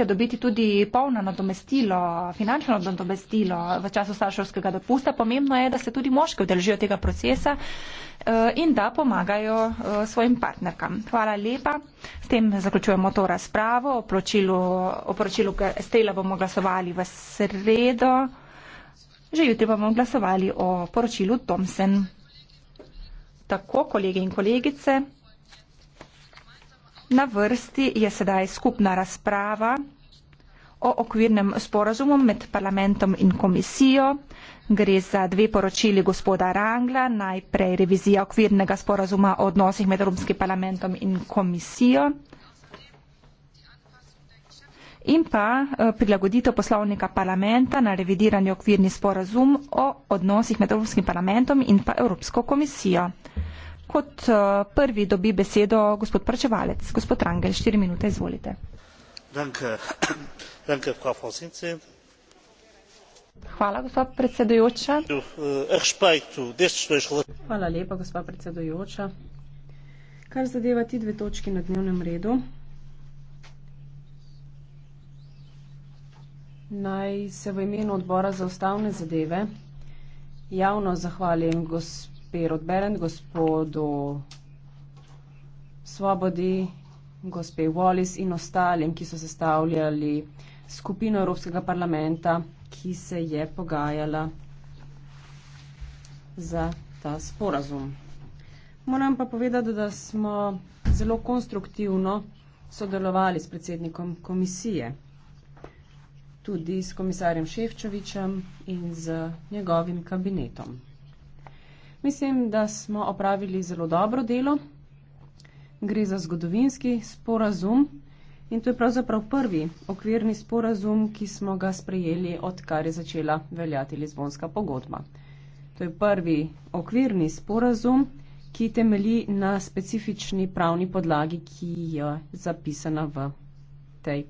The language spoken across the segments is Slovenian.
stroške dobiti tudi polno nadomestilo, finančno nadomestilo v času starševskega dopusta. Pomembno je, da se tudi moški udeležijo tega procesa eh, in da pomagajo eh, svojim partnerkam. Hvala lepa. S tem zaključujemo to razpravo. O poročilu, o poročilu Stela bomo glasovali v sredo. Že jutri bomo glasovali o poročilu Thompson. Tako, kolege in kolegice. Na vrsti je sedaj skupna razprava o okvirnem sporazumu med parlamentom in komisijo. Gre za dve poročili gospoda Rangla, najprej revizija okvirnega sporazuma o odnosih med Evropskim parlamentom in komisijo in pa eh, prilagoditev poslovnika parlamenta na revidiranje okvirni sporazum o odnosih med Evropskim parlamentom in pa Evropsko komisijo. Kot eh, prvi dobi besedo gospod Prčevalec. Gospod Rangel, štiri minute, izvolite. Danke. Danke, Frau Vorsitzende. Hvala, gospod predsedujoča. Eh, Hvala lepa, gospod predsedujoča. Kar zadeva ti dve točki na dnevnem redu, naj se v imenu odbora za ustavne zadeve javno zahvalim gospod gospe Rodberen, gospodu Svobodi, gospe Wallis in ostalim, ki so sestavljali skupino Evropskega parlamenta, ki se je pogajala za ta sporazum. Moram pa povedati, da smo zelo konstruktivno sodelovali s predsednikom komisije, tudi s komisarjem Ševčovičem in z njegovim kabinetom. Mislim, da smo opravili zelo dobro delo. Gre za zgodovinski sporazum in to je pravzaprav prvi okvirni sporazum, ki smo ga sprejeli, odkar je začela veljati Lizbonska pogodba. To je prvi okvirni sporazum, ki temelji na specifični pravni podlagi, ki je zapisana v tej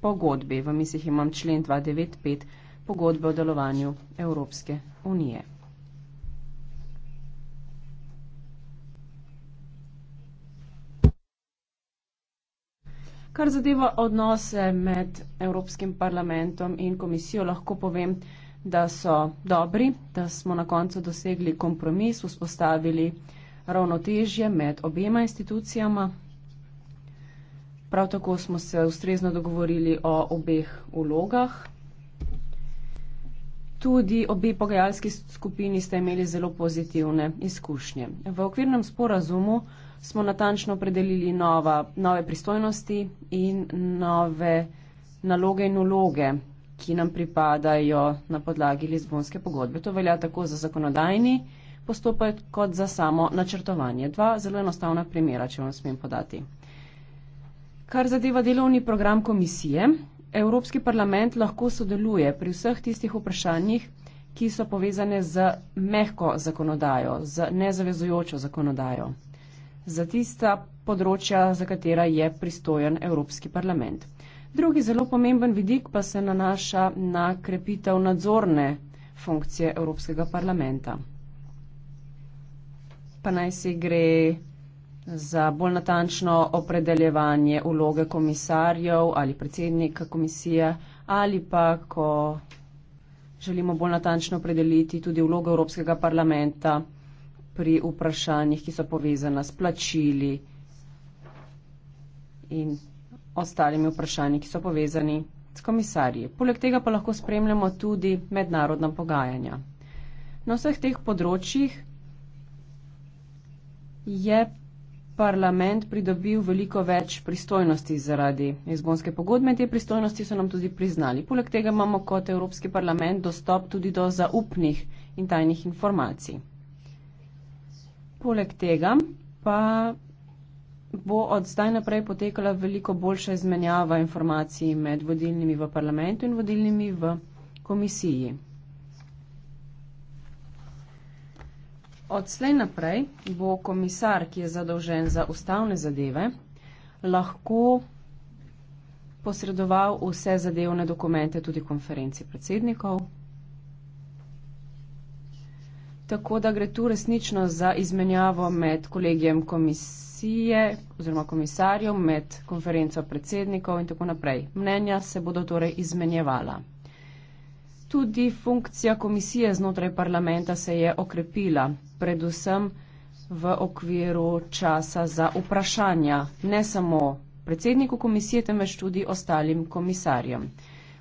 pogodbi. V mislih imam člen 295 pogodbe o delovanju Evropske unije. Kar zadeva odnose med Evropskim parlamentom in komisijo, lahko povem, da so dobri, da smo na koncu dosegli kompromis, vzpostavili ravnotežje med obema institucijama. Prav tako smo se ustrezno dogovorili o obeh vlogah. Tudi obe pogajalski skupini ste imeli zelo pozitivne izkušnje. V okvirnem sporazumu smo natančno opredelili nova, nove pristojnosti in nove naloge in uloge, ki nam pripadajo na podlagi Lizbonske pogodbe. To velja tako za zakonodajni postopek, kot za samo načrtovanje. Dva zelo enostavna primera, če vam smem podati. Kar zadeva delovni program komisije, Evropski parlament lahko sodeluje pri vseh tistih vprašanjih, ki so povezane z mehko zakonodajo, z nezavezujočo zakonodajo za tista področja, za katera je pristojen Evropski parlament. Drugi zelo pomemben vidik pa se nanaša na krepitev nadzorne funkcije Evropskega parlamenta. Pa naj si gre za bolj natančno opredeljevanje uloge komisarjev ali predsednika komisije ali pa, ko želimo bolj natančno opredeliti tudi vlogo Evropskega parlamenta pri vprašanjih, ki so povezana s plačili in ostalimi vprašanji, ki so povezani s komisarji. Poleg tega pa lahko spremljamo tudi mednarodna pogajanja. Na vseh teh področjih je parlament pridobil veliko več pristojnosti zaradi izbonske pogodbe. Te pristojnosti so nam tudi priznali. Poleg tega imamo kot Evropski parlament dostop tudi do zaupnih in tajnih informacij. Poleg tega pa bo od zdaj naprej potekala veliko boljša izmenjava informacij med vodilnimi v parlamentu in vodilnimi v komisiji. Od slej naprej bo komisar, ki je zadolžen za ustavne zadeve, lahko posredoval vse zadevne dokumente tudi konferenci predsednikov. Tako da gre tu resnično za izmenjavo med kolegijem komisije oziroma komisarjev, med konferenco predsednikov in tako naprej. Mnenja se bodo torej izmenjevala. Tudi funkcija komisije znotraj parlamenta se je okrepila, predvsem v okviru časa za vprašanja ne samo predsedniku komisije, temveč tudi ostalim komisarjem.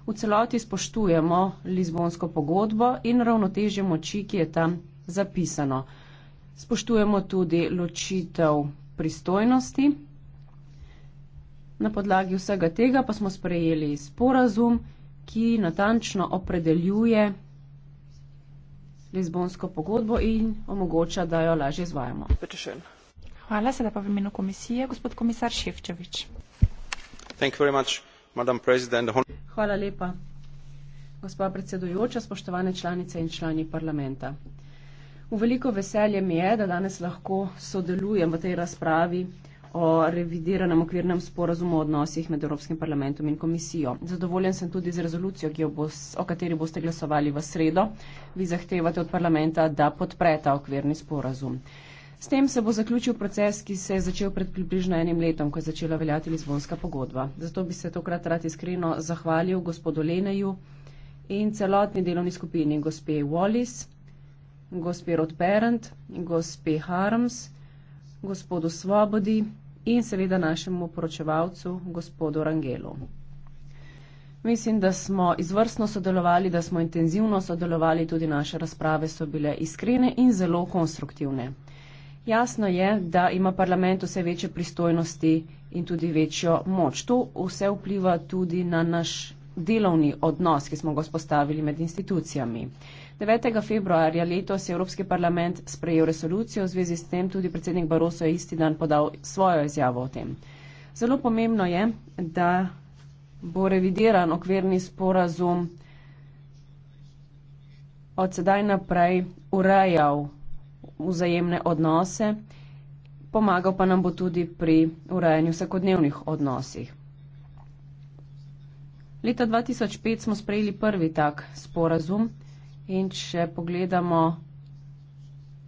V celoti spoštujemo Lizbonsko pogodbo in ravnotežje moči, ki je tam zapisano. Spoštujemo tudi ločitev pristojnosti. Na podlagi vsega tega pa smo sprejeli sporazum, ki natančno opredeljuje Lizbonsko pogodbo in omogoča, da jo lažje izvajamo. Petition. Hvala, sedaj pa v imenu komisije, gospod komisar Ševčevič. Hvala lepa, gospod predsedujoča, spoštovane članice in člani parlamenta. V veliko veselje mi je, da danes lahko sodelujem v tej razpravi o revidiranem okvirnem sporazumu o odnosih med Evropskim parlamentom in komisijo. Zadovoljen sem tudi z rezolucijo, bos, o kateri boste glasovali v sredo. Vi zahtevate od parlamenta, da podpreta okvirni sporazum. S tem se bo zaključil proces, ki se je začel pred približno enim letom, ko je začela veljati Lizbonska pogodba. Zato bi se tokrat rad iskreno zahvalil gospodu Leneju in celotni delovni skupini gospe Wallis gospe Rodperent, gospe Harms, gospodu Svobodi in seveda našemu poročevalcu, gospodu Rangelu. Mislim, da smo izvrstno sodelovali, da smo intenzivno sodelovali, tudi naše razprave so bile iskrene in zelo konstruktivne. Jasno je, da ima parlament vse večje pristojnosti in tudi večjo moč. To vse vpliva tudi na naš delovni odnos, ki smo ga spostavili med institucijami. 9. februarja letos je Evropski parlament sprejel resolucijo, v zvezi s tem tudi predsednik Baroso je isti dan podal svojo izjavo o tem. Zelo pomembno je, da bo revidiran okvirni sporazum od sedaj naprej urejal vzajemne odnose, pomagal pa nam bo tudi pri urejanju vsakodnevnih odnosih. Leta 2005 smo sprejeli prvi tak sporazum. In če pogledamo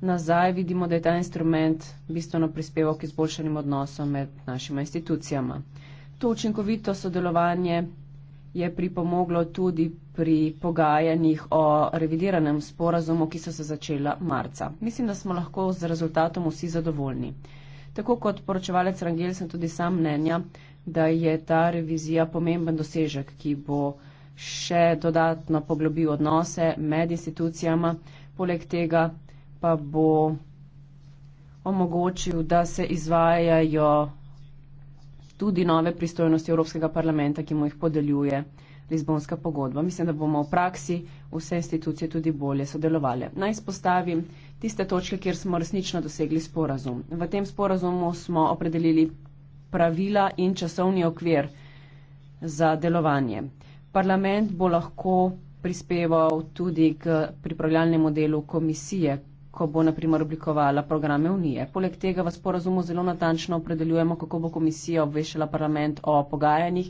nazaj, vidimo, da je ta instrument bistveno prispeval k izboljšanim odnosom med našima institucijama. To učinkovito sodelovanje je pripomoglo tudi pri pogajanjih o revidiranem sporazumu, ki so se začela marca. Mislim, da smo lahko z rezultatom vsi zadovoljni. Tako kot poročevalec Rangel sem tudi sam mnenja, da je ta revizija pomemben dosežek, ki bo še dodatno poglobil odnose med institucijama, poleg tega pa bo omogočil, da se izvajajo tudi nove pristojnosti Evropskega parlamenta, ki mu jih podeljuje Lizbonska pogodba. Mislim, da bomo v praksi vse institucije tudi bolje sodelovali. Naj spostavim tiste točke, kjer smo resnično dosegli sporazum. V tem sporazumu smo opredelili pravila in časovni okvir za delovanje. Parlament bo lahko prispeval tudi k pripravljalnemu delu komisije, ko bo naprimer oblikovala programe Unije. Poleg tega v sporazumu zelo natančno opredeljujemo, kako bo komisija obveščala parlament o pogajanjih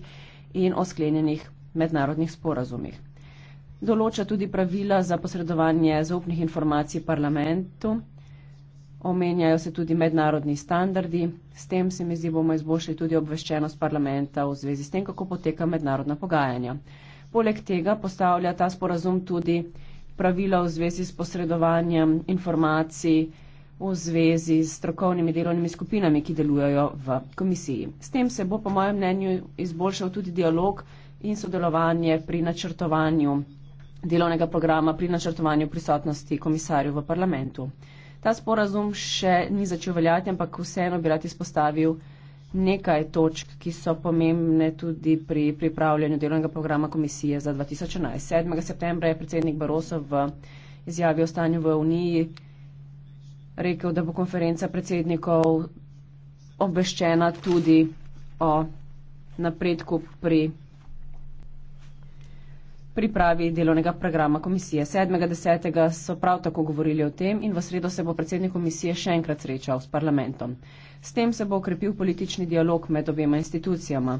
in o sklenjenih mednarodnih sporazumih. Določa tudi pravila za posredovanje zaupnih informacij parlamentu omenjajo se tudi mednarodni standardi, s tem se mi zdi bomo izboljšali tudi obveščenost parlamenta v zvezi s tem, kako poteka mednarodna pogajanja. Poleg tega postavlja ta sporazum tudi pravila v zvezi s posredovanjem informacij v zvezi s strokovnimi delovnimi skupinami, ki delujejo v komisiji. S tem se bo, po mojem mnenju, izboljšal tudi dialog in sodelovanje pri načrtovanju delovnega programa, pri načrtovanju prisotnosti komisarjev v parlamentu. Ta sporazum še ni začel veljati, ampak vseeno bi rad izpostavil nekaj točk, ki so pomembne tudi pri pripravljanju delovnega programa komisije za 2011. 7. septembra je predsednik Baroso v izjavi o stanju v Uniji rekel, da bo konferenca predsednikov obveščena tudi o napredku pri pripravi delovnega programa komisije. 7.10. so prav tako govorili o tem in v sredo se bo predsednik komisije še enkrat srečal s parlamentom. S tem se bo okrepil politični dialog med obema institucijama.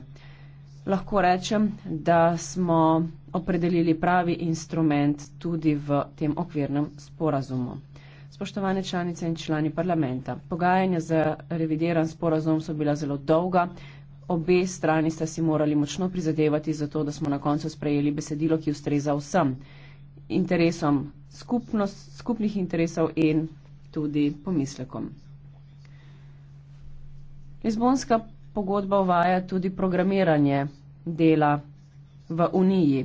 Lahko rečem, da smo opredelili pravi instrument tudi v tem okvirnem sporazumu. Spoštovane članice in člani parlamenta, pogajanja za revideran sporazum so bila zelo dolga, obe strani sta si morali močno prizadevati za to, da smo na koncu sprejeli besedilo, ki ustreza vsem interesom skupnost, skupnih interesov in tudi pomislekom. Lizbonska pogodba uvaja tudi programiranje dela v Uniji.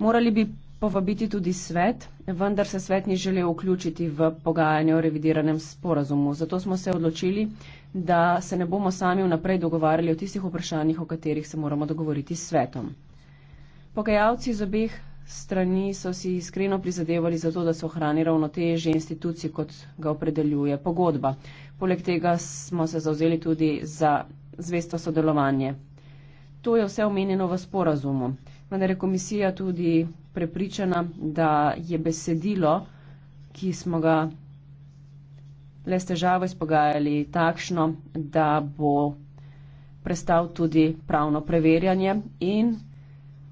Morali bi povabiti tudi svet, vendar se svet ni želel vključiti v pogajanje o revidiranem sporazumu. Zato smo se odločili, da se ne bomo sami vnaprej dogovarjali o tistih vprašanjih, o katerih se moramo dogovoriti s svetom. Pogajalci z obeh strani so si iskreno prizadevali za to, da so ohrani ravnoteže institucij, kot ga opredeljuje pogodba. Poleg tega smo se zauzeli tudi za zvesto sodelovanje. To je vse omenjeno v sporazumu. Vendar je komisija tudi prepričana, da je besedilo, ki smo ga le s težavo izpogajali takšno, da bo prestal tudi pravno preverjanje in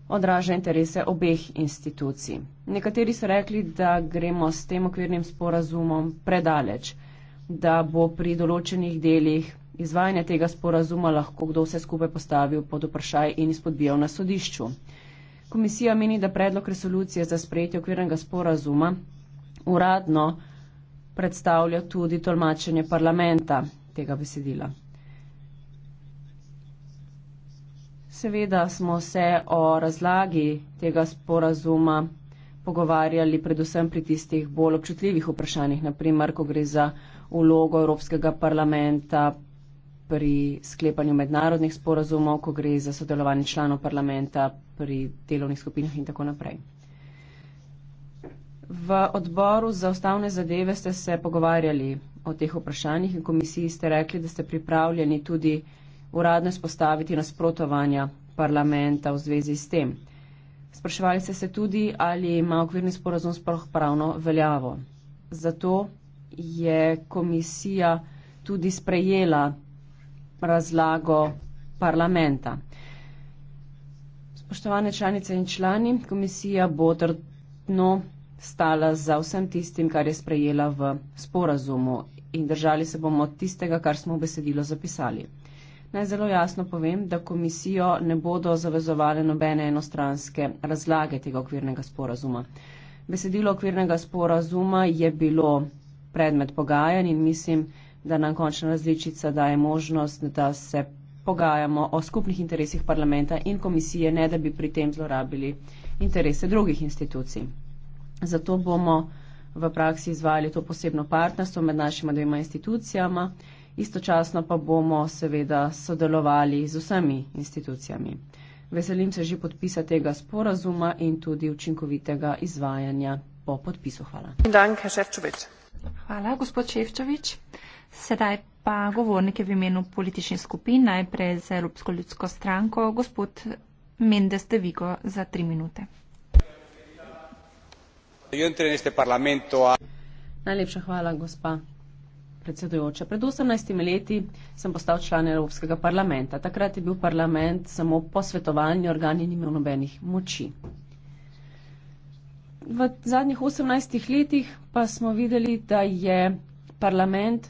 odraža interese obeh institucij. Nekateri so rekli, da gremo s tem okvirnim sporazumom predaleč, da bo pri določenih delih izvajanja tega sporazuma lahko kdo vse skupaj postavil pod vprašaj in izpodbijal na sodišču. Komisija meni, da predlog resolucije za sprejetje okvirnega sporazuma uradno predstavlja tudi tolmačenje parlamenta tega besedila. Seveda smo se o razlagi tega sporazuma pogovarjali predvsem pri tistih bolj občutljivih vprašanjih, naprimer, ko gre za ulogo Evropskega parlamenta pri sklepanju mednarodnih sporazumov, ko gre za sodelovanje članov parlamenta pri delovnih skupinah in tako naprej. V odboru za ustavne zadeve ste se pogovarjali o teh vprašanjih in komisiji ste rekli, da ste pripravljeni tudi uradno spostaviti nasprotovanja parlamenta v zvezi s tem. Spraševali ste se tudi, ali ima okvirni sporozum sploh pravno veljavo. Zato je komisija tudi sprejela razlago parlamenta. Spoštovane članice in člani, komisija bo trdno stala za vsem tistim, kar je sprejela v sporazumu in držali se bomo od tistega, kar smo v besedilo zapisali. Naj zelo jasno povem, da komisijo ne bodo zavezovale nobene enostranske razlage tega okvirnega sporazuma. Besedilo okvirnega sporazuma je bilo predmet pogajanj in mislim, da nam končna različica daje možnost, da se pogajamo o skupnih interesih parlamenta in komisije, ne da bi pri tem zlorabili interese drugih institucij. Zato bomo v praksi izvajali to posebno partnerstvo med našima dvema institucijama, istočasno pa bomo seveda sodelovali z vsemi institucijami. Veselim se že podpisa tega sporazuma in tudi učinkovitega izvajanja po podpisu. Hvala. Hvala, gospod Ševčovič. Sedaj pa govornike v imenu političnih skupin, najprej za Evropsko ljudsko stranko, gospod Mendes de Vigo za tri minute. Najlepša hvala, gospa predsedujoča. Pred 18 leti sem postal član Evropskega parlamenta. Takrat je bil parlament samo posvetovalni organ in imel nobenih moči. V zadnjih 18 letih pa smo videli, da je parlament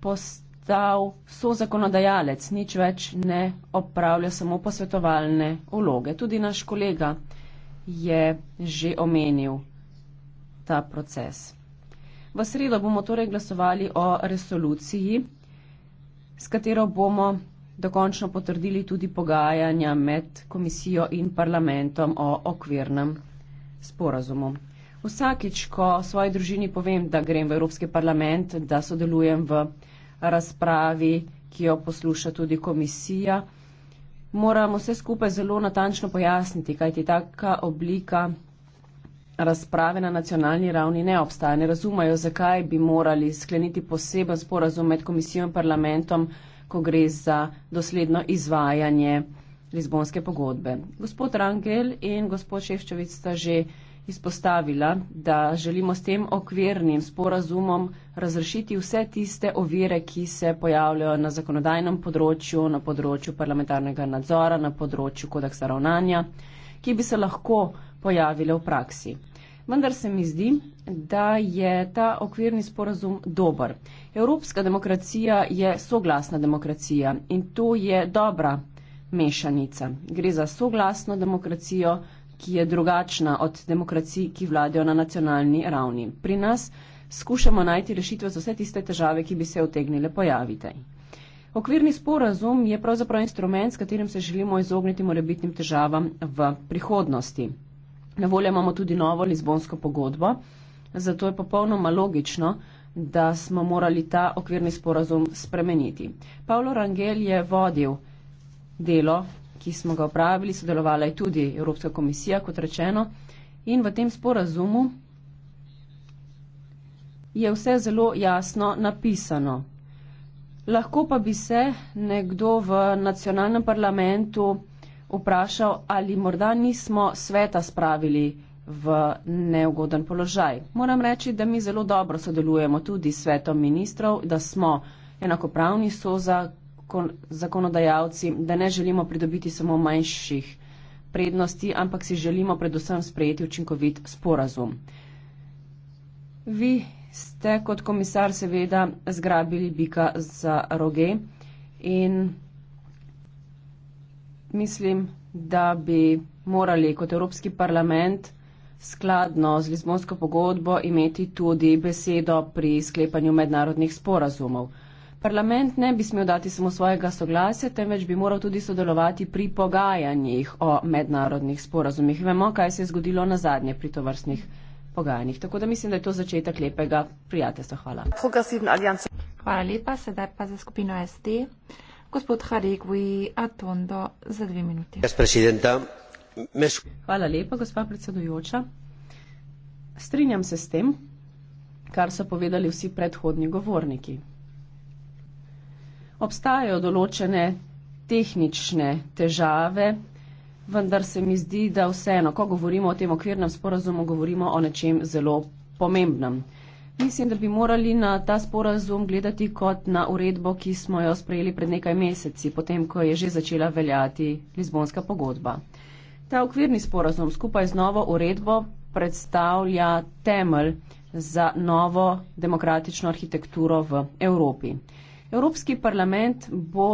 postal sozakonodajalec, nič več ne opravlja samo posvetovalne vloge. Tudi naš kolega je že omenil ta proces. V sredo bomo torej glasovali o resoluciji, s katero bomo dokončno potrdili tudi pogajanja med komisijo in parlamentom o okvirnem sporazumu. Vsakič, ko svoji družini povem, da grem v Evropski parlament, da sodelujem v razpravi, ki jo posluša tudi komisija, moramo vse skupaj zelo natančno pojasniti, kajti taka oblika razprave na nacionalni ravni ne obstaja. Ne razumajo, zakaj bi morali skleniti poseben sporazum med komisijo in parlamentom, ko gre za dosledno izvajanje Lizbonske pogodbe. Gospod Rangel in gospod Ševčevic sta že izpostavila, da želimo s tem okvirnim sporazumom razrešiti vse tiste ovire, ki se pojavljajo na zakonodajnem področju, na področju parlamentarnega nadzora, na področju kodeksa ravnanja, ki bi se lahko pojavile v praksi. Vendar se mi zdi, da je ta okvirni sporazum dober. Evropska demokracija je soglasna demokracija in to je dobra mešanica. Gre za soglasno demokracijo, ki je drugačna od demokracij, ki vladajo na nacionalni ravni. Pri nas skušamo najti rešitve za vse tiste težave, ki bi se otegnile pojaviti. Okvirni sporazum je pravzaprav instrument, s katerim se želimo izogniti morebitnim težavam v prihodnosti. Na voljo imamo tudi novo Lizbonsko pogodbo, zato je popolnoma logično, da smo morali ta okvirni sporazum spremeniti. Paolo Rangel je vodil delo, ki smo ga opravili, sodelovala je tudi Evropska komisija, kot rečeno, in v tem sporazumu je vse zelo jasno napisano. Lahko pa bi se nekdo v nacionalnem parlamentu vprašal, ali morda nismo sveta spravili v neugoden položaj. Moram reči, da mi zelo dobro sodelujemo tudi s svetom ministrov, da smo enakopravni so za zakonodajalci, da ne želimo pridobiti samo manjših prednosti, ampak si želimo predvsem sprejeti učinkovit sporazum. Vi ste kot komisar seveda zgrabili bika za roge in mislim, da bi morali kot Evropski parlament skladno z Lizbonsko pogodbo imeti tudi besedo pri sklepanju mednarodnih sporazumov. Parlament ne bi smel dati samo svojega soglasja, temveč bi moral tudi sodelovati pri pogajanjih o mednarodnih sporazumih. Vemo, kaj se je zgodilo na zadnje pri tovrstnih pogajanjih. Tako da mislim, da je to začetek lepega prijateljstva. Hvala. Hvala lepa, sedaj pa za skupino SD strinjam se s tem, kar so povedali vsi predhodni govorniki. Obstajajo določene tehnične težave, vendar se mi zdi, da vseeno, ko govorimo o tem okvirnem sporazumu, govorimo o nečem zelo pomembnem. Mislim, da bi morali na ta sporazum gledati kot na uredbo, ki smo jo sprejeli pred nekaj meseci, potem, ko je že začela veljati Lizbonska pogodba. Ta okvirni sporazum skupaj z novo uredbo predstavlja temelj za novo demokratično arhitekturo v Evropi. Evropski parlament bo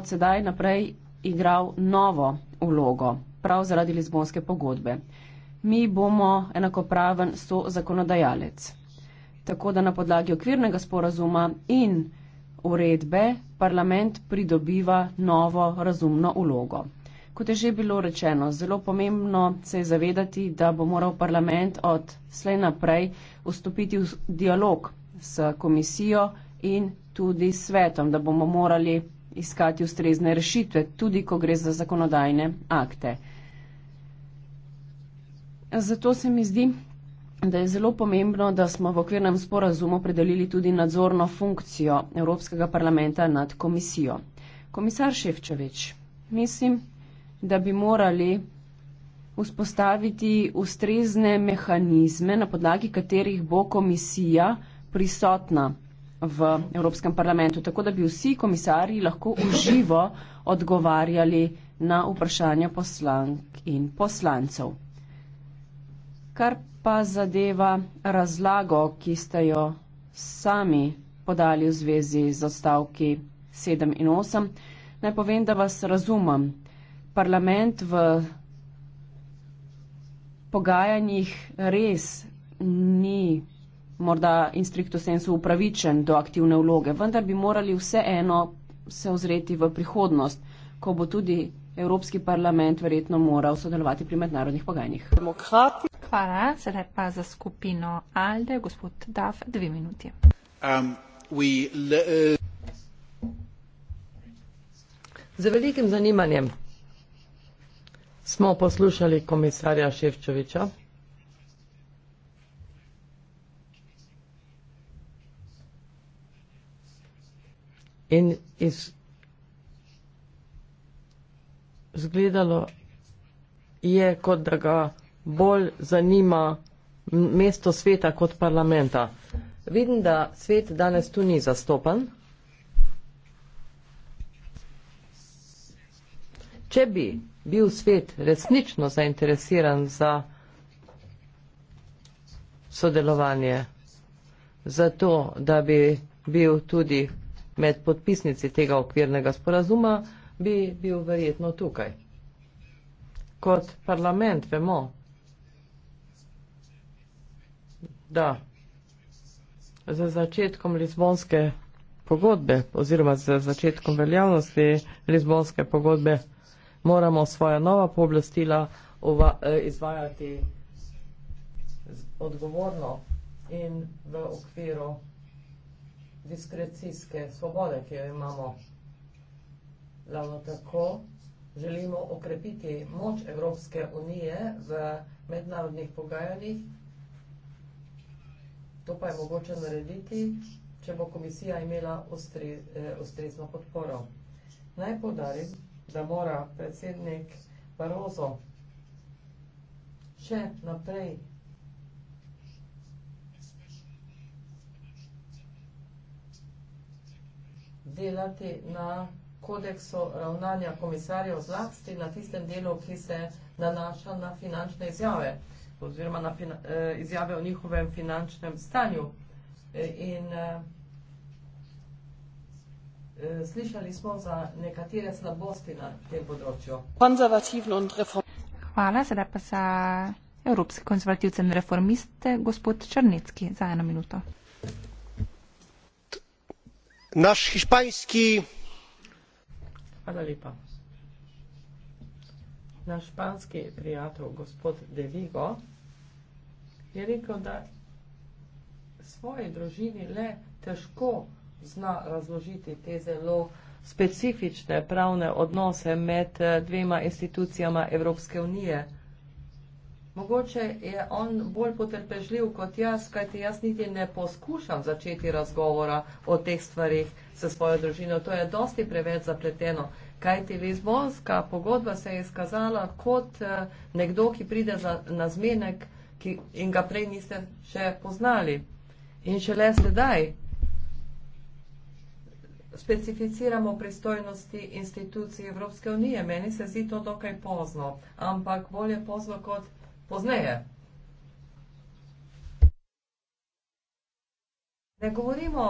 od sedaj naprej igral novo vlogo, prav zaradi Lizbonske pogodbe. Mi bomo enakopraven so zakonodajalec tako da na podlagi okvirnega sporazuma in uredbe parlament pridobiva novo razumno ulogo. Kot je že bilo rečeno, zelo pomembno se je zavedati, da bo moral parlament od slej naprej vstopiti v dialog s komisijo in tudi s svetom, da bomo morali iskati ustrezne rešitve, tudi ko gre za zakonodajne akte. Zato se mi zdi, da je zelo pomembno, da smo v okvirnem sporazumu predelili tudi nadzorno funkcijo Evropskega parlamenta nad komisijo. Komisar Ševčevič, mislim, da bi morali vzpostaviti ustrezne mehanizme, na podlagi katerih bo komisija prisotna v Evropskem parlamentu, tako da bi vsi komisarji lahko uživo odgovarjali na vprašanja poslank in poslancev. Kar pa zadeva razlago, ki ste jo sami podali v zvezi z odstavki 7 in 8, naj povem, da vas razumem. Parlament v pogajanjih res ni morda in strikto sensu upravičen do aktivne vloge, vendar bi morali vseeno se ozreti v prihodnost, ko bo tudi Evropski parlament verjetno moral sodelovati pri mednarodnih pogajanjih. Hvala. Sedaj pa za skupino Alde, gospod Daf, dve minuti. Um, le, uh... Z velikim zanimanjem smo poslušali komisarja Ševčoviča. In iz, izgledalo je, kot da ga bolj zanima mesto sveta kot parlamenta. Vidim, da svet danes tu ni zastopan. Če bi bil svet resnično zainteresiran za sodelovanje, za to, da bi bil tudi med podpisnici tega okvirnega sporazuma, bi bil verjetno tukaj. Kot parlament vemo, da z začetkom Lizbonske pogodbe oziroma z začetkom veljavnosti Lizbonske pogodbe moramo svoja nova pooblastila eh, izvajati odgovorno in v okviru diskrecijske svobode, ki jo imamo. Ravno tako želimo okrepiti moč Evropske unije v mednarodnih pogajanjih To pa je mogoče narediti, če bo komisija imela eh, ustrezno podporo. Naj podarim, da mora predsednik Barozo še naprej delati na kodeksu ravnanja komisarjev zlasti na tistem delu, ki se nanaša na finančne izjave oziroma na fina, eh, izjave o njihovem finančnem stanju. Eh, in eh, eh slišali smo za nekatere slabosti na tem področju. Hvala, sedaj pa za Evropske konzervativce in reformiste, gospod Črnecki, za eno minuto. Naš hispanski. Hvala lepa naš španski prijatelj, gospod De Vigo, je rekel, da svoji družini le težko zna razložiti te zelo specifične pravne odnose med eh, dvema institucijama Evropske unije. Mogoče je on bolj potrpežljiv kot jaz, kajti jaz niti ne poskušam začeti razgovora o teh stvarih s svojo družino. To je dosti preveč zapleteno. Kajti Lizbonska pogodba se je izkazala kot eh, nekdo, ki pride za, na zmenek ki, in ga prej niste še poznali. In šele sedaj specificiramo pristojnosti institucij Evropske unije. Meni se zdi to dokaj pozno, ampak bolje pozno kot pozneje. Ne govorimo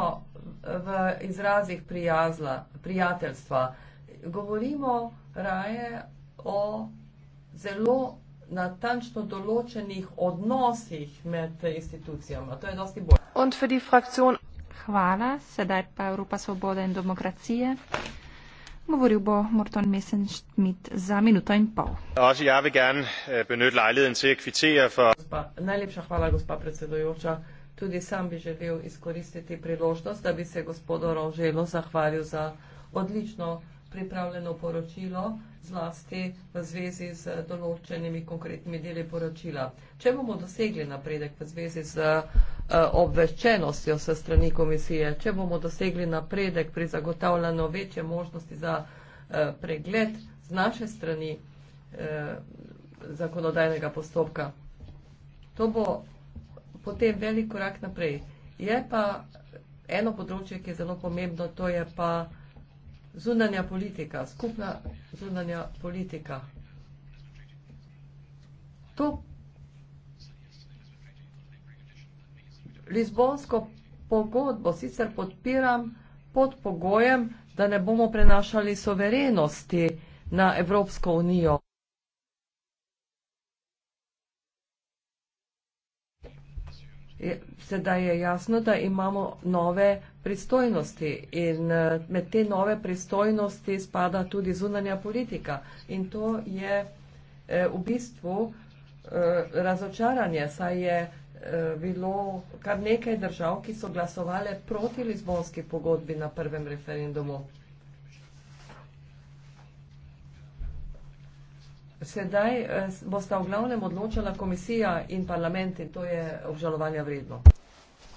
v izrazih prijazla, prijateljstva govorimo raje o zelo natančno določenih odnosih med institucijama. To je dosti bolj. Hvala, sedaj pa Evropa svobode in demokracije. Govoril bo Morton Messenschmidt za minuto in pol. Eh, najlepša hvala, gospa predsedujoča. Tudi sam bi želel izkoristiti priložnost, da bi se gospodu Roželu zahvalil za odlično pripravljeno poročilo, zlasti v zvezi z določenimi konkretnimi deli poročila. Če bomo dosegli napredek v zvezi z eh, obveščenostjo se strani komisije, če bomo dosegli napredek pri zagotavljanju večje možnosti za eh, pregled z naše strani eh, zakonodajnega postopka, to bo potem velik korak naprej. Je pa eno področje, ki je zelo pomembno, to je pa zunanja politika, skupna zunanja politika. To Lizbonsko pogodbo sicer podpiram pod pogojem, da ne bomo prenašali soverenosti na Evropsko unijo. Sedaj je jasno, da imamo nove pristojnosti in eh, med te nove pristojnosti spada tudi zunanja politika. In to je eh, v bistvu eh, razočaranje, saj je bilo kar nekaj držav, ki so glasovali proti Lizbonski pogodbi na prvem referendumu. Sedaj eh, bosta v glavnem odločala komisija in parlament in to je obžalovanja vredno.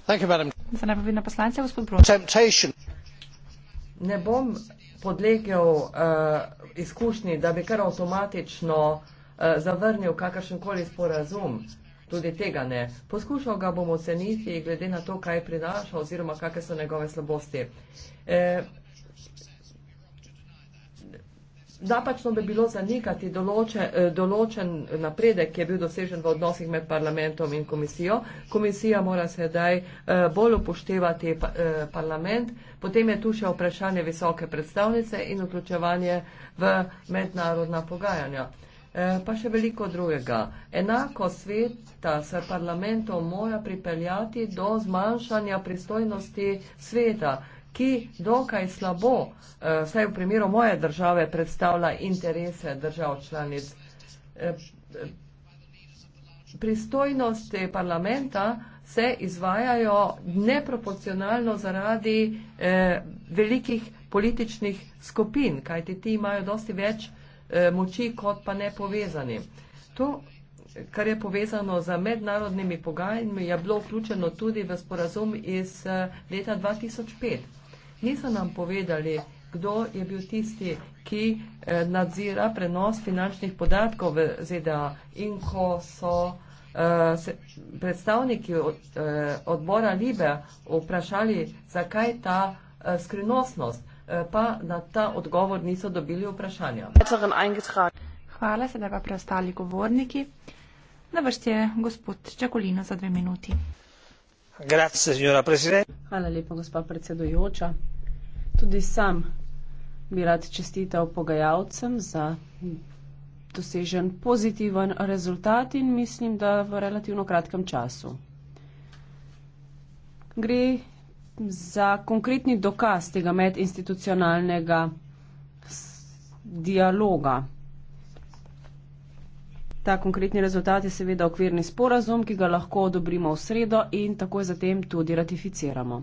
Za najpovedna poslanca, gospod Brunč. Ne bom podlegel uh, izkušnji, da bi kar avtomatično uh, zavrnil kakršenkoli sporazum. Tudi tega ne. Poskušal ga bomo oceniti glede na to, kaj prinaša oziroma kakšne so njegove slabosti. Uh, napačno bi bilo zanikati določe, eh, določen napredek, ki je bil dosežen v odnosih med parlamentom in komisijo. Komisija mora sedaj eh, bolj upoštevati eh, parlament, potem je tu še vprašanje visoke predstavnice in vključevanje v mednarodna pogajanja. Pa še veliko drugega. Enako sveta se parlamentom mora pripeljati do zmanjšanja pristojnosti sveta ki dokaj slabo, eh, vsaj v primeru moje države, predstavlja interese držav članic. Eh, eh, pristojnosti parlamenta se izvajajo neproporcionalno zaradi velikih političnih skupin, kajti ti imajo dosti več moči kot pa nepovezani. To, kar je povezano z mednarodnimi pogajanjami, je bilo vključeno tudi v sporazum iz leta 2005 niso nam povedali, kdo je bil tisti, ki eh, nadzira prenos finančnih podatkov v ZDA. In ko so eh, se, predstavniki od, eh, odbora Libe vprašali, zakaj ta eh, skrivnostnost, eh, pa na ta odgovor niso dobili vprašanja. Hvala, sedaj pa preostali govorniki. Na vrsti je gospod Čakolino za dve minuti. Grazie, signora Presidente. Hvala lepa, gospa predsedujoča. Tudi sam bi rad čestital pogajalcem za dosežen pozitiven rezultat in mislim, da v relativno kratkem času. Gre za konkretni dokaz tega medinstitucionalnega dialoga. Ta konkretni rezultat je seveda okvirni sporazum, ki ga lahko odobrimo v sredo in takoj zatem tudi ratificiramo.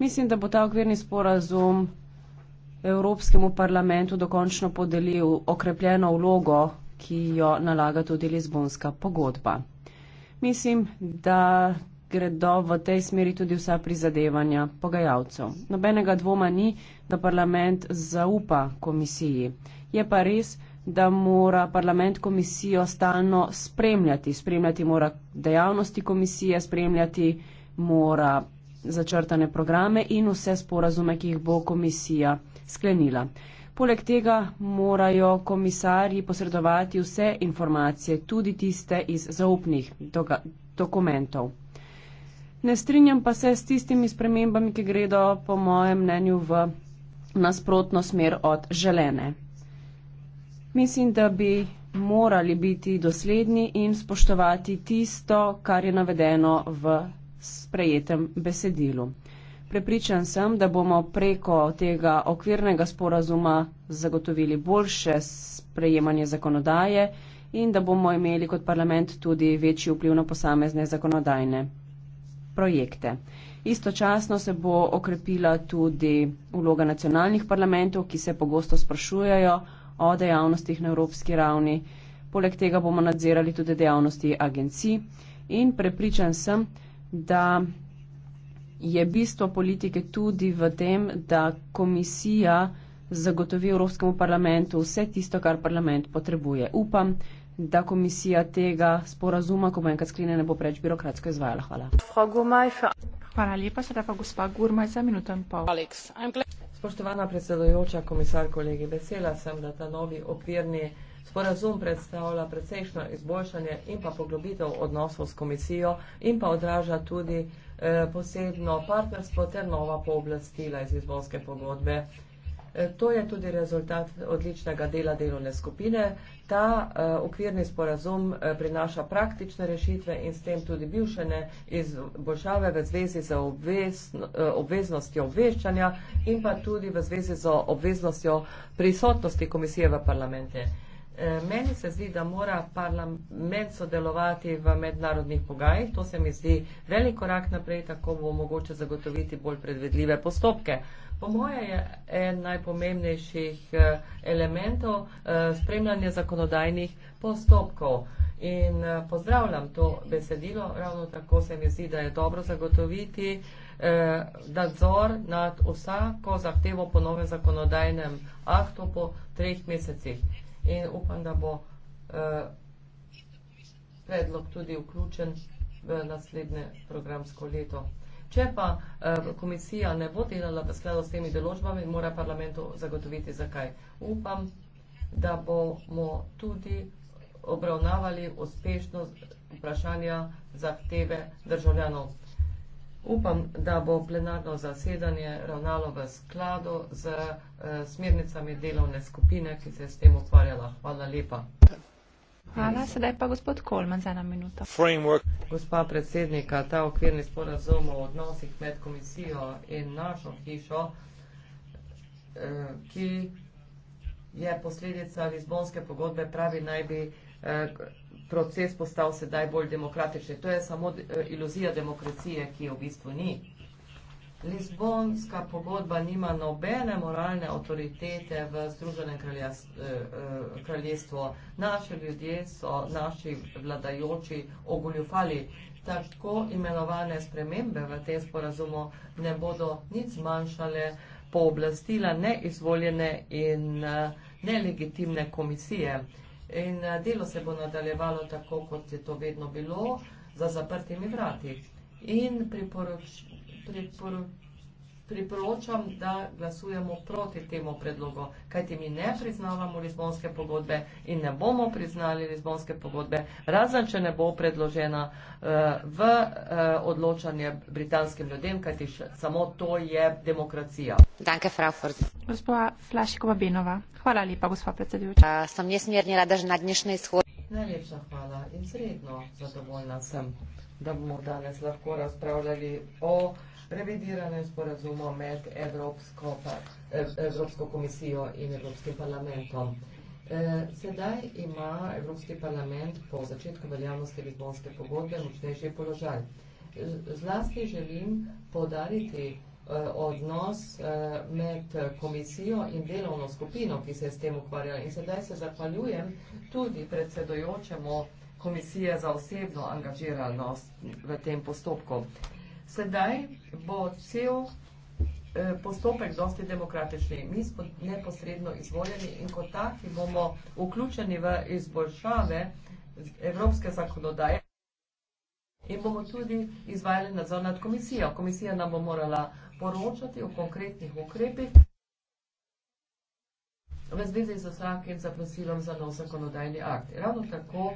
Mislim, da bo ta okvirni sporazum Evropskemu parlamentu dokončno podelil okrepljeno vlogo, ki jo nalaga tudi Lizbonska pogodba. Mislim, da gredo v tej smeri tudi vsa prizadevanja pogajalcev. Nobenega dvoma ni, da parlament zaupa komisiji. Je pa res, da da mora parlament komisijo stalno spremljati. Spremljati mora dejavnosti komisije, spremljati mora začrtane programe in vse sporazume, ki jih bo komisija sklenila. Poleg tega morajo komisarji posredovati vse informacije, tudi tiste iz zaupnih dokumentov. Ne strinjam pa se s tistimi spremembami, ki gredo po mojem mnenju v nasprotno smer od želene. Mislim, da bi morali biti dosledni in spoštovati tisto, kar je navedeno v sprejetem besedilu. Prepričan sem, da bomo preko tega okvirnega sporazuma zagotovili boljše sprejemanje zakonodaje in da bomo imeli kot parlament tudi večji vpliv na posamezne zakonodajne projekte. Istočasno se bo okrepila tudi vloga nacionalnih parlamentov, ki se pogosto sprašujejo, o dejavnostih na evropski ravni. Poleg tega bomo nadzirali tudi dejavnosti agencij in prepričan sem, da je bistvo politike tudi v tem, da komisija zagotovi Evropskemu parlamentu vse tisto, kar parlament potrebuje. Upam, da komisija tega sporazuma, ko bo enkrat sklene, ne bo preč birokratsko izvajala. Hvala. Hvala lepa, sedaj pa gospa Gurmaj za minuto in pol. Spoštovana predsedojoča, komisar, kolegi, vesela sem, da ta novi okvirni sporazum predstavlja precejšno izboljšanje in pa poglobitev odnosov s komisijo in pa odraža tudi eh, posebno partnerstvo ter nova pooblastila iz izvozne pogodbe. Eh, E, to je tudi rezultat odličnega dela delovne skupine. Ta e, okvirni sporazum e, prinaša praktične rešitve in s tem tudi bivšene izboljšave v zvezi z obveznostjo obveščanja in pa tudi v zvezi z obveznostjo prisotnosti komisije v parlamente. Meni se zdi, da mora parlament sodelovati v mednarodnih pogajih. To se mi zdi velik korak naprej, tako bo mogoče zagotoviti bolj predvedljive postopke. Po moje je en najpomembnejših eh, elementov eh, spremljanje zakonodajnih postopkov. In eh, pozdravljam to besedilo, ravno tako se mi zdi, da je dobro zagotoviti nadzor nad vsako zahtevo po novem zakonodajnem aktu po treh mesecih in upam, da bo eh, predlog tudi vključen v naslednje programsko leto. Če pa eh, komisija ne bo delala v skladu s temi deložbami, mora parlamentu zagotoviti zakaj. Upam, da bomo tudi obravnavali uspešnost vprašanja zahteve državljanov. Upam, da bo plenarno zasedanje ravnalo v skladu z eh, smernicami delovne skupine, ki se je s tem ukvarjala. Hvala lepa. Hvala, sedaj pa gospod Kolman za eno minuto. Framework. Gospa predsednika, ta okvirni sporazum o odnosih med komisijo in našo hišo, eh, ki je posledica Lizbonske pogodbe, pravi naj bi eh, proces postal sedaj bolj demokratičen. To je samo eh, iluzija demokracije, ki jo v bistvu ni. Lizbonska pogodba nima nobene moralne avtoritete v Združenem eh, eh, kraljestvu. Naši ljudje so, naši vladajoči, ogoljufali. Tako imenovane spremembe v tem sporazumu ne bodo nič zmanjšale pooblastila neizvoljene in nelegitimne komisije. In eh, delo se bo nadaljevalo tako, kot je to vedno bilo, za zaprtimi vrati. In priporoč, priporoč, priporočam, da glasujemo proti temu predlogu, kajti mi ne priznavamo Lizbonske pogodbe in ne bomo priznali Lizbonske pogodbe, razen če ne bo predložena uh, v uh, odločanje britanskim ljudem, kajti še, samo to je demokracija. Danke, Frankfurt. Gospa Flašikova Benova, hvala lepa, gospa predsedujoča. Uh, sem nesmirni rada, da že na dnešnji izhod. Najlepša hvala in sredno zadovoljna sem, da bomo danes lahko razpravljali o revidirane sporazumo med Evropsko, pa, eh, Evropsko komisijo in Evropskim parlamentom. Eh, sedaj ima Evropski parlament po začetku veljavnosti Lizbonske pogodbe močnejši položaj. Eh, zlasti želim podariti odnos med komisijo in delovno skupino, ki se je s tem ukvarjala. In sedaj se zahvaljujem tudi predsedojočemu komisije za osebno angažiranost v tem postopku. Sedaj bo cel uh, postopek dosti demokratični. Mi smo neposredno izvoljeni in kot taki bomo vključeni v izboljšave evropske zakonodaje in bomo tudi izvajali nadzor nad komisijo. Komisija nam bo morala poročati o konkretnih ukrepih v zvezi z vsakim zaprosilom za nov zakonodajni akt. Ravno tako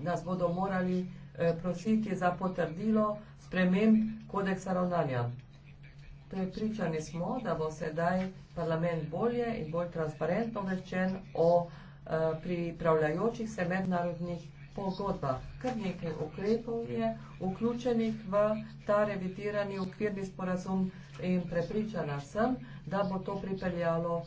nas bodo morali Eh, prositi za potrdilo sprememb kodeksa ravnanja. Pripričani smo, da bo sedaj parlament bolje in bolj transparentno obveščen o eh, pripravljajočih se mednarodnih pogodbah. Kar nekaj ukrepov je vključenih v ta revitirani okvirni sporazum in prepričana sem, da bo to pripeljalo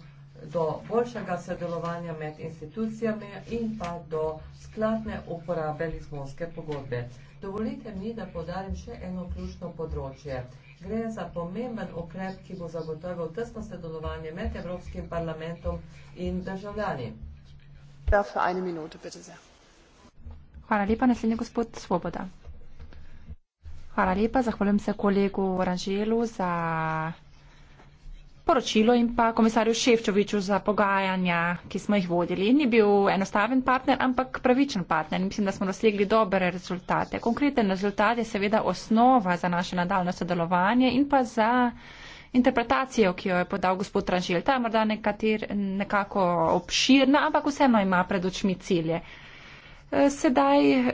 do boljšega sodelovanja med institucijami in pa do skladne uporabe Lizbonske pogodbe. Dovolite mi, da podarim še eno ključno področje. Gre za pomemben okrep, ki bo zagotovil tesno sodelovanje med Evropskim parlamentom in državljani. Ja, Hvala lepa, naslednji gospod Svoboda. Hvala lepa, zahvaljujem se kolegu Oranželu za sporočilu in pa komisarju Ševčoviču za pogajanja, ki smo jih vodili. Ni bil enostaven partner, ampak pravičen partner. Mislim, da smo dosegli dobre rezultate. Konkreten rezultat je seveda osnova za naše nadaljno sodelovanje in pa za interpretacijo, ki jo je podal gospod Tranžil. Ta je morda nekatir, nekako obširna, ampak vseeno ima pred očmi cilje. Eh, sedaj eh,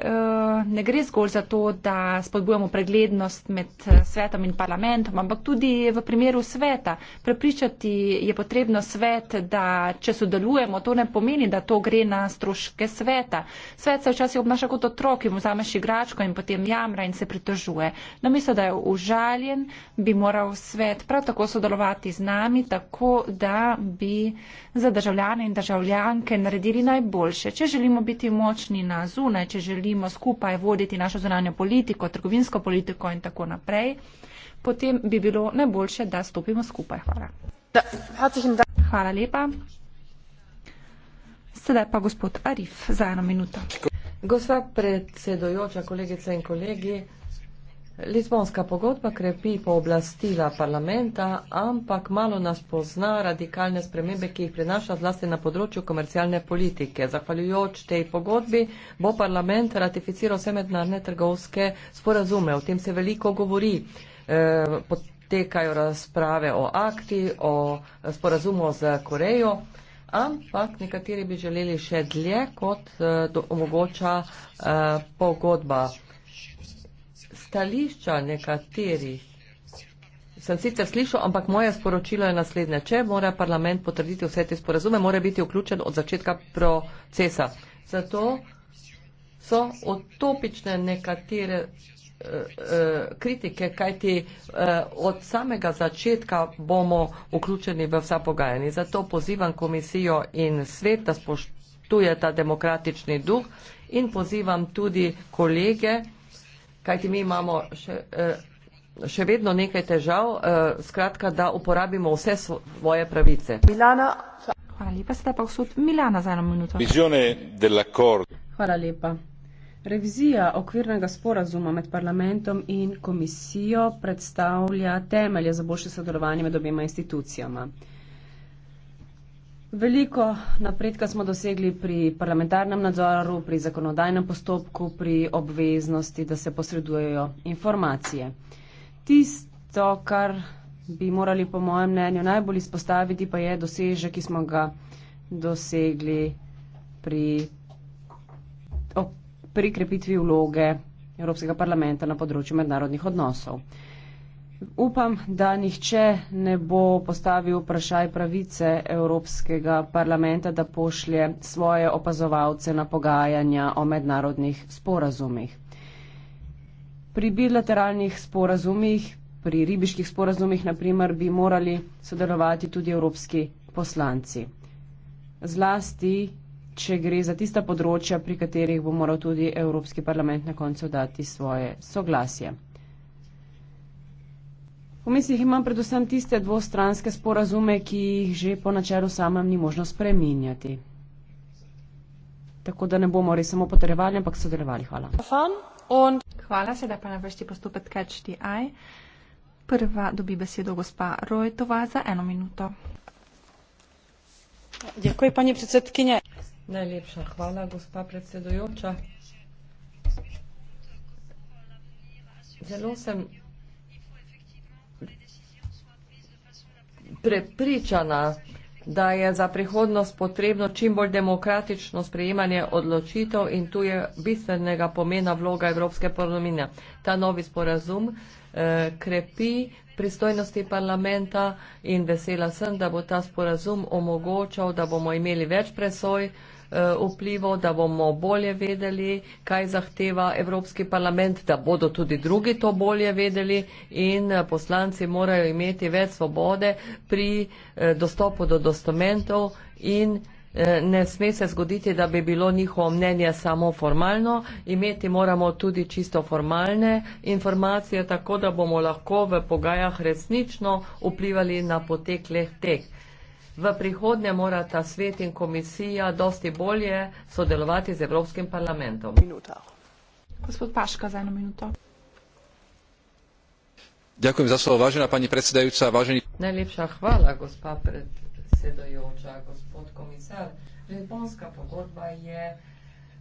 ne gre zgolj za to, da spodbujamo preglednost med eh, svetom in parlamentom, ampak tudi v primeru sveta. Prepričati je potrebno svet, da če sodelujemo, to ne pomeni, da to gre na stroške sveta. Svet se včasih obnaša kot otrok in vzameš igračko in potem jamra in se pritožuje. Namesto, da je užaljen, bi moral svet prav tako sodelovati z nami, tako da bi za državljane in državljanke naredili najboljše. Če želimo biti močni, na zunaj, če želimo skupaj voditi našo zunanjo politiko, trgovinsko politiko in tako naprej, potem bi bilo najboljše, da stopimo skupaj. Hvala. Hvala lepa. Sedaj pa gospod Arif za eno minuto. Gospa predsedojoča, kolegice in kolegi, Lizbonska pogodba krepi pooblastila parlamenta, ampak malo nas pozna radikalne spremembe, ki jih prinaša zlasti na področju komercialne politike. Zahvaljujoč tej pogodbi bo parlament ratificiral vse mednarne trgovske sporazume. O tem se veliko govori. E, potekajo razprave o akti, o sporazumu z Korejo, ampak nekateri bi želeli še dlje, kot e, omogoča e, pogodba stališča nekaterih sem sicer slišal, ampak moje sporočilo je naslednje. Če mora parlament potrditi vse te sporazume, mora biti vključen od začetka procesa. Zato so otopične nekatere eh, eh, kritike, kajti eh, od samega začetka bomo vključeni v vsa pogajanja. Zato pozivam komisijo in svet, da spoštuje ta demokratični duh in pozivam tudi kolege, kajti mi imamo še, eh, še vedno nekaj težav, eh, skratka, da uporabimo vse svoje pravice. Milana. Hvala lepa, ste pa vsud. Milana za eno minuto. Vizione dell'accordo. Hvala lepa. Revizija okvirnega sporazuma med parlamentom in komisijo predstavlja temelje za boljše sodelovanje med obima institucijama. Veliko napredka smo dosegli pri parlamentarnem nadzoru, pri zakonodajnem postopku, pri obveznosti, da se posredujejo informacije. Tisto, kar bi morali po mojem mnenju najbolj izpostaviti, pa je dosežek, ki smo ga dosegli pri, pri krepitvi vloge Evropskega parlamenta na področju mednarodnih odnosov. Upam, da nihče ne bo postavil vprašaj pravice Evropskega parlamenta, da pošlje svoje opazovalce na pogajanja o mednarodnih sporazumih. Pri bilateralnih sporazumih, pri ribiških sporazumih, naprimer, bi morali sodelovati tudi evropski poslanci. Zlasti, če gre za tista področja, pri katerih bo moral tudi Evropski parlament na koncu dati svoje soglasje. V mislih imam predvsem tiste dvostranske sporazume, ki jih že po načelu samem ni možno spreminjati. Tako da ne bomo res samo potrjevali, ampak sodelovali. Hvala. Hvala, sedaj pa na vrsti postopek CatchDI. Prva dobi besedo gospa Rojtova za eno minuto. Děkuji, paní předsedkyně. Najlepša hvala, gospa predsedujoča. Zelo sem prepričana, da je za prihodnost potrebno čim bolj demokratično sprejemanje odločitev in tu je bistvenega pomena vloga Evropske parlamenta. Ta novi sporazum eh, krepi pristojnosti parlamenta in vesela sem, da bo ta sporazum omogočal, da bomo imeli več presoj eh, Eh, vplivov, da bomo bolje vedeli, kaj zahteva Evropski parlament, da bodo tudi drugi to bolje vedeli in eh, poslanci morajo imeti več svobode pri eh, dostopu do dokumentov in ne sme se zgoditi, da bi bilo njihovo mnenje samo formalno, imeti moramo tudi čisto formalne informacije, tako da bomo lahko v pogajah resnično vplivali na potek leh teh v prihodnje mora ta svet in komisija dosti bolje sodelovati z Evropskim parlamentom. Minuta. Gospod Paška, za eno minuto. Ďakujem za slovo, vážená pani predsedajúca, vážený... Najlepšia chvála, gospa predsedajúca, gospod komisár. Lisbonská pogodba je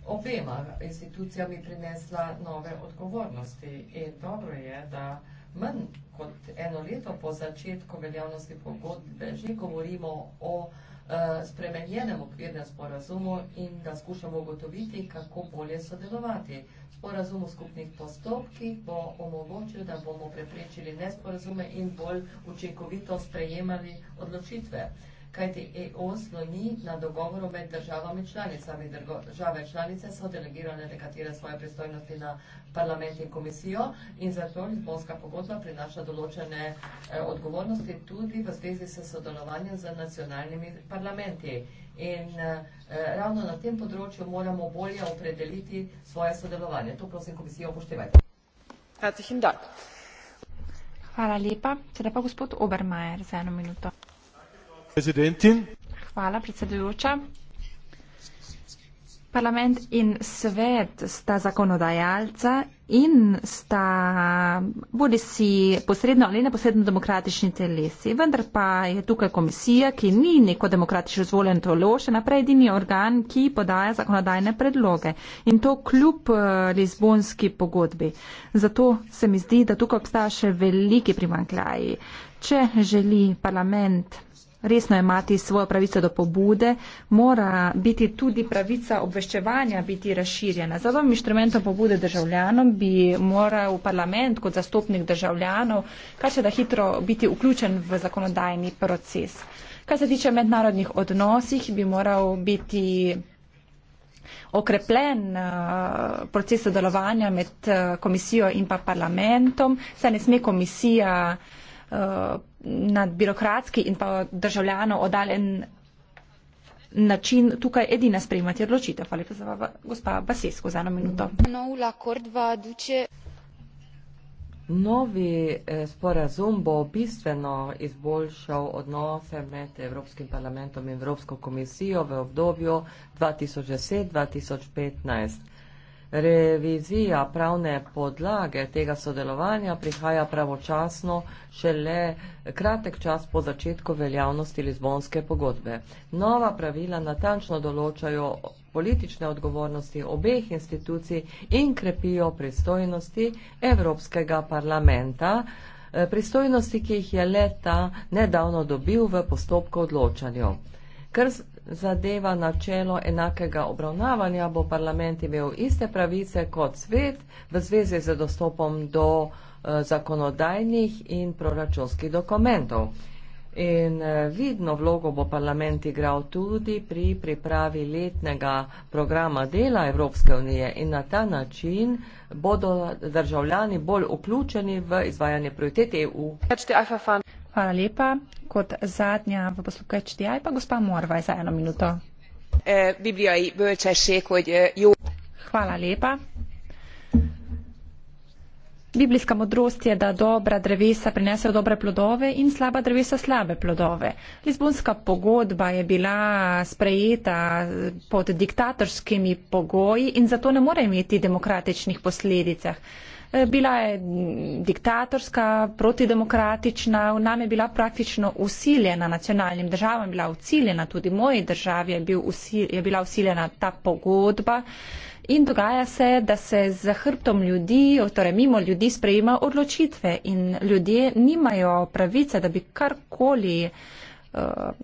obema institúciami prinesla nové odgovornosti in dobro je, da manj kot eno leto po začetku veljavnosti pogodbe že govorimo o eh, spremenjenem okvirnem sporazumu in da skušamo ugotoviti, kako bolje sodelovati. Sporazum v skupnih postopkih bo omogočil, da bomo preprečili nesporazume in bolj učinkovito sprejemali odločitve kajti EU sloni na dogovoru med državami članicami. Države članice so delegirane nekatere svoje pristojnosti na parlament in komisijo in zato Lizbonska pogodba prinaša določene eh, odgovornosti tudi v zvezi s sodelovanjem z nacionalnimi parlamenti. In eh, ravno na tem področju moramo bolje opredeliti svoje sodelovanje. To prosim komisijo upoštevajte. Hvala lepa. Sedaj pa gospod Obermajer za eno minuto. Hvala, predsedujoča. Parlament in svet sta zakonodajalca in sta bodi si posredno ali neposredno demokratični telesi. Vendar pa je tukaj komisija, ki ni neko demokratično zvoljen telo, še naprej edini organ, ki podaja zakonodajne predloge. In to kljub eh, Lizbonski pogodbi. Zato se mi zdi, da tukaj obstaja še veliki primankljaji. Če želi parlament resno imati svojo pravico do pobude, mora biti tudi pravica obveščevanja biti razširjena. Z ovim inštrumentom pobude državljanom bi moral parlament kot zastopnik državljanov kar se da hitro biti vključen v zakonodajni proces. Kar se tiče mednarodnih odnosih, bi moral biti okrepljen eh, proces sodelovanja med eh, komisijo in pa parlamentom. Saj ne sme komisija eh, nad birokratski in pa državljano odalen način tukaj edina sprejemati odločitev. Hvala lepa za vas, gospa Basesko, za eno minuto. Novi eh, sporazum bo bistveno izboljšal odnose med Evropskim parlamentom in Evropsko komisijo v obdobju 2010-2015 revizija pravne podlage tega sodelovanja prihaja pravočasno šele kratek čas po začetku veljavnosti Lizbonske pogodbe. Nova pravila natančno določajo politične odgovornosti obeh institucij in krepijo pristojnosti Evropskega parlamenta, eh, pristojnosti, ki jih je leta nedavno dobil v postopku odločanja. Ker zadeva načelo enakega obravnavanja, bo parlament imel iste pravice kot svet v zvezi z dostopom do eh, zakonodajnih in proračunskih dokumentov. In eh, vidno vlogo bo parlament igral tudi pri pripravi letnega programa dela Evropske unije in na ta način bodo državljani bolj vključeni v izvajanje prioritete EU. Hvala lepa. Kot zadnja v poslopku HDI pa gospa Morvaj za eno minuto. E, bibliai bölcsesség, hogy e, jó. Hvala lepa. Biblijska modrost je, da dobra drevesa prinesejo dobre plodove in slaba drevesa slabe plodove. Lizbonska pogodba je bila sprejeta pod diktatorskimi pogoji in zato ne more imeti demokratičnih posledicah bila je diktatorska, protidemokratična, v nam je bila praktično usiljena nacionalnim državam, bila usiljena tudi moji državi, je, bil usil, je bila usiljena ta pogodba. In dogaja se, da se za hrbtom ljudi, torej mimo ljudi, sprejema odločitve in ljudje nimajo pravice, da bi karkoli uh,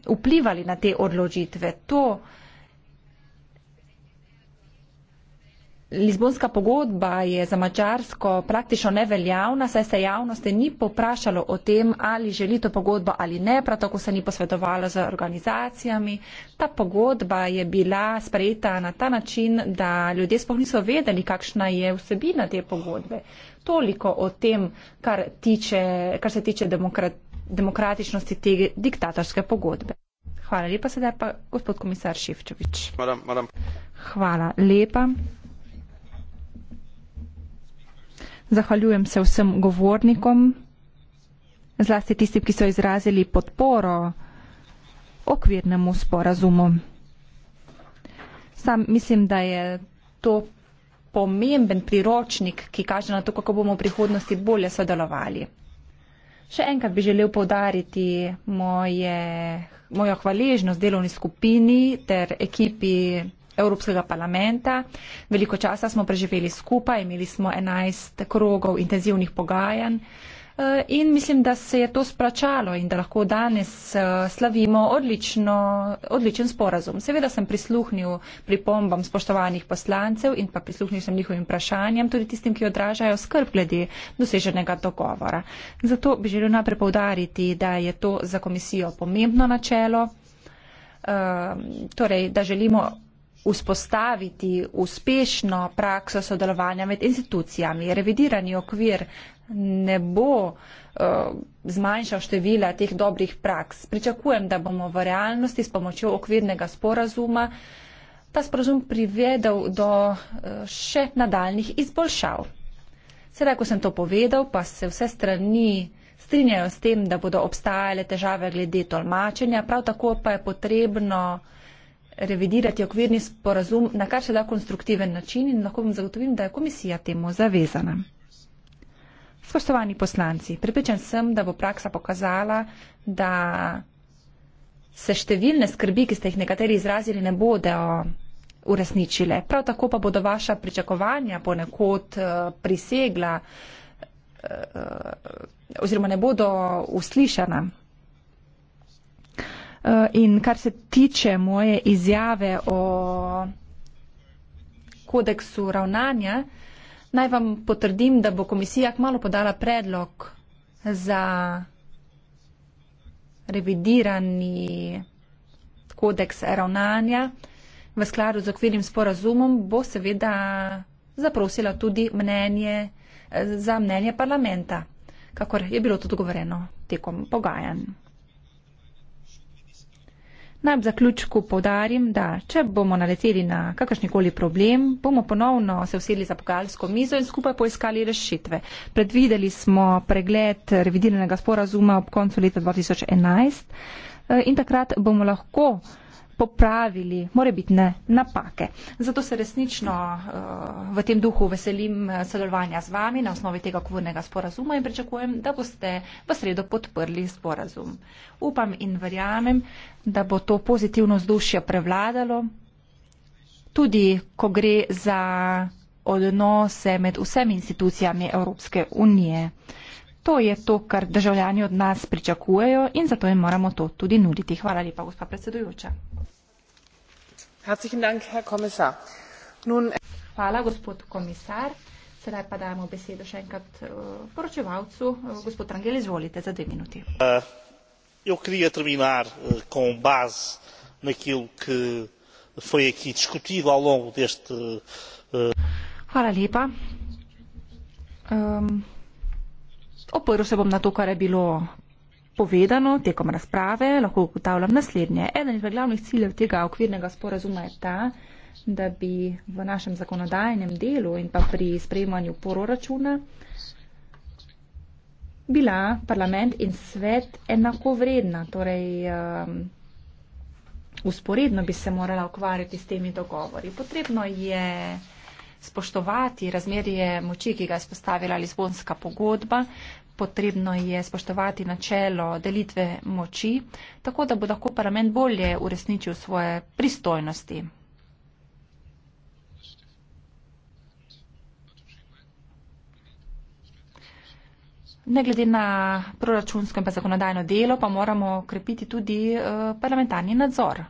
vplivali na te odločitve. To uh, Lizbonska pogodba je za Mačarsko praktično neveljavna, saj se javnosti ni poprašalo o tem, ali želi to pogodbo ali ne, prav tako se ni posvetovalo z organizacijami. Ta pogodba je bila sprejeta na ta način, da ljudje sploh niso vedeli, kakšna je vsebina te pogodbe. Toliko o tem, kar, tiče, kar se tiče demokrat, demokratičnosti te diktatorske pogodbe. Hvala lepa, sedaj pa gospod komisar Šivčevič. Hvala, hvala. Hvala lepa. Zahvaljujem se vsem govornikom, zlasti tistim, ki so izrazili podporo okvirnemu sporazumu. Sam mislim, da je to pomemben priročnik, ki kaže na to, kako bomo v prihodnosti bolje sodelovali. Še enkrat bi želel povdariti moje, mojo hvaležnost delovni skupini ter ekipi Evropskega parlamenta. Veliko časa smo preživeli skupaj, imeli smo 11 krogov intenzivnih pogajanj eh, in mislim, da se je to spračalo in da lahko danes eh, slavimo odlično, odličen sporazum. Seveda sem prisluhnil pripombam spoštovanih poslancev in pa prisluhnil sem njihovim vprašanjem, tudi tistim, ki odražajo skrb glede doseženega dogovora. Zato bi želel najprej povdariti, da je to za komisijo pomembno načelo. Uh, torej, da želimo vzpostaviti uspešno prakso sodelovanja med institucijami. Revidirani okvir ne bo eh, zmanjšal števila teh dobrih praks. Pričakujem, da bomo v realnosti s pomočjo okvirnega sporazuma ta sporazum privedel do eh, še nadaljnih izboljšav. Sedaj, ko sem to povedal, pa se vse strani strinjajo s tem, da bodo obstajale težave glede tolmačenja, prav tako pa je potrebno revidirati okvirni sporazum na kar se da konstruktiven način in lahko vam zagotovim, da je komisija temu zavezana. Spoštovani poslanci, pripričan sem, da bo praksa pokazala, da se številne skrbi, ki ste jih nekateri izrazili, ne bodo uresničile. Prav tako pa bodo vaša pričakovanja ponekod eh, prisegla eh, eh, oziroma ne bodo uslišana. Eh, in kar se tiče moje izjave o kodeksu ravnanja, naj vam potrdim, da bo komisija kmalo podala predlog za revidirani kodeks ravnanja v skladu z okvirnim sporazumom, bo seveda zaprosila tudi mnenje, eh, za mnenje parlamenta, kakor je bilo tudi govoreno tekom pogajanj. Naj ob zaključku povdarim, da če bomo naleteli na kakršnikoli problem, bomo ponovno se usedli za pogalsko mizo in skupaj poiskali rešitve. Predvideli smo pregled revidiranega sporazuma ob koncu leta 2011 eh, in takrat bomo lahko popravili, more biti ne, napake. Zato se resnično uh, v tem duhu veselim eh, sodelovanja z vami na osnovi tega kvornega sporazuma in pričakujem, da boste v sredo podprli sporazum. Upam in verjamem, da bo to pozitivno vzdušje prevladalo, tudi ko gre za odnose med vsemi institucijami Evropske unije. Uh, To je to, kar državljani od nas pričakujejo in zato jim moramo to tudi nuditi. Hvala lepa, gospa predsedujoča. Hvala, gospod komisar. Sedaj pa dajemo besedo še enkrat eh, poročevalcu. Eh, gospod Rangel, izvolite za dve minuti. Eh, eu queria terminar com base naquilo que foi aqui discutido ao longo deste. Hvala lepa. Um, Oprl se bom na to, kar je bilo povedano tekom razprave, lahko ugotavljam naslednje. Eden izmed glavnih ciljev tega okvirnega sporazuma je ta, da bi v našem zakonodajnem delu in pa pri sprejemanju proračuna bila parlament in svet enakovredna. Torej, um, usporedno bi se morala ukvarjati s temi dogovori. Potrebno je spoštovati razmerje moči, ki ga je spostavila Lizbonska pogodba, potrebno je spoštovati načelo delitve moči, tako da bo lahko parlament bolje uresničil svoje pristojnosti. Ne glede na proračunsko in pa zakonodajno delo, pa moramo krepiti tudi eh, parlamentarni nadzor.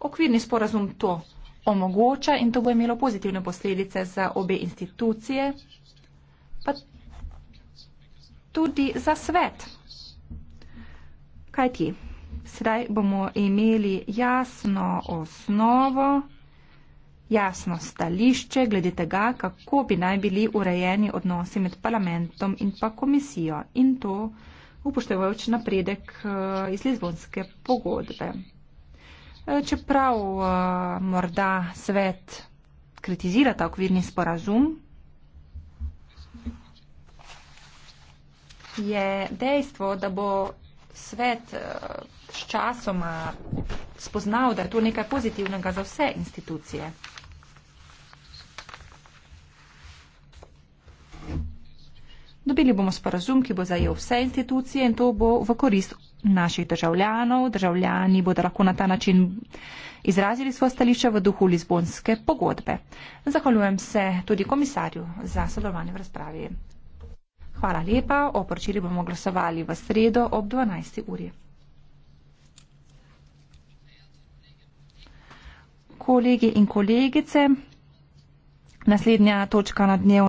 Okvirni sporazum to omogoča in to bo imelo pozitivne posledice za obe institucije, pa tudi za svet. Kaj ti? Sedaj bomo imeli jasno osnovo, jasno stališče glede tega, kako bi naj bili urejeni odnosi med parlamentom in pa komisijo in to upoštevajoč napredek eh, iz Lizbonske pogodbe. Eh, čeprav eh, morda svet kritizira ta okvirni sporazum, je dejstvo, da bo svet eh, s časoma spoznal, da je to nekaj pozitivnega za vse institucije. Dobili bomo sporazum, ki bo zajel vse institucije in to bo v korist naših državljanov. Državljani bodo lahko na ta način izrazili svoje stališče v duhu Lizbonske pogodbe. Zahvaljujem se tudi komisarju za sodelovanje v razpravi. Hvala lepa. O poročili bomo glasovali v sredo ob 12. uri. Kolegi in kolegice, naslednja točka na dnevu.